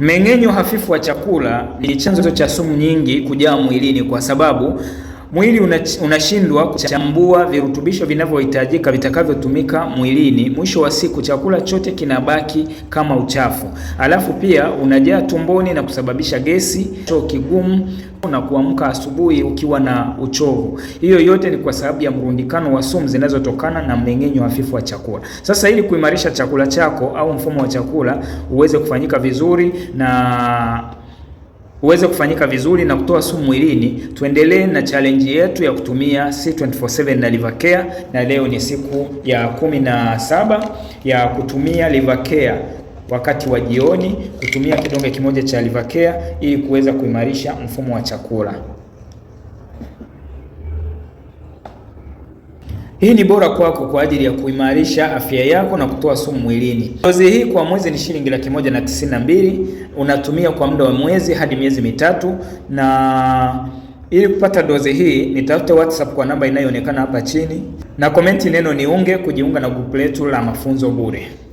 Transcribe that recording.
Meng'enyo hafifu wa chakula ni chanzo cha sumu nyingi kujaa mwilini kwa sababu mwili unashindwa una kuchambua virutubisho vinavyohitajika vitakavyotumika mwilini. Mwisho wa siku chakula chote kinabaki kama uchafu, alafu pia unajaa tumboni na kusababisha gesi, choo kigumu na kuamka asubuhi ukiwa na uchovu. Hiyo yote ni kwa sababu ya mrundikano wa sumu zinazotokana na mmeng'enyo hafifu wa chakula. Sasa, ili kuimarisha chakula chako au mfumo wa chakula uweze kufanyika vizuri na uweze kufanyika vizuri na kutoa sumu mwilini, tuendelee na challenge yetu ya kutumia C24/7 na Liver Care, na leo ni siku ya kumi na saba ya kutumia Liver Care wakati wa jioni, kutumia kidonge kimoja cha Liver Care ili kuweza kuimarisha mfumo wa chakula. Hii ni bora kwako kwa ajili ya kuimarisha afya yako na kutoa sumu mwilini. Dozi hii kwa mwezi ni shilingi laki moja na tisini na mbili. Unatumia kwa muda wa mwezi hadi miezi mitatu na ili kupata dozi hii nitafute WhatsApp kwa namba inayoonekana hapa chini na komenti neno niunge kujiunga na grupu letu la mafunzo bure.